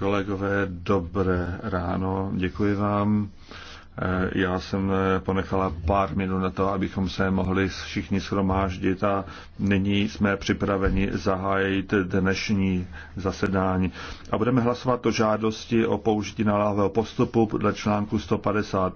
Kolegové, dobré ráno, děkuji vám. Eh, já jsem eh, ponechala pár minut na to, abychom se mohli všichni shromáždit a nyní jsme připraveni zahájit dnešní zasedání. A budeme hlasovat o žádosti o použití naléhavého postupu podle článku 150.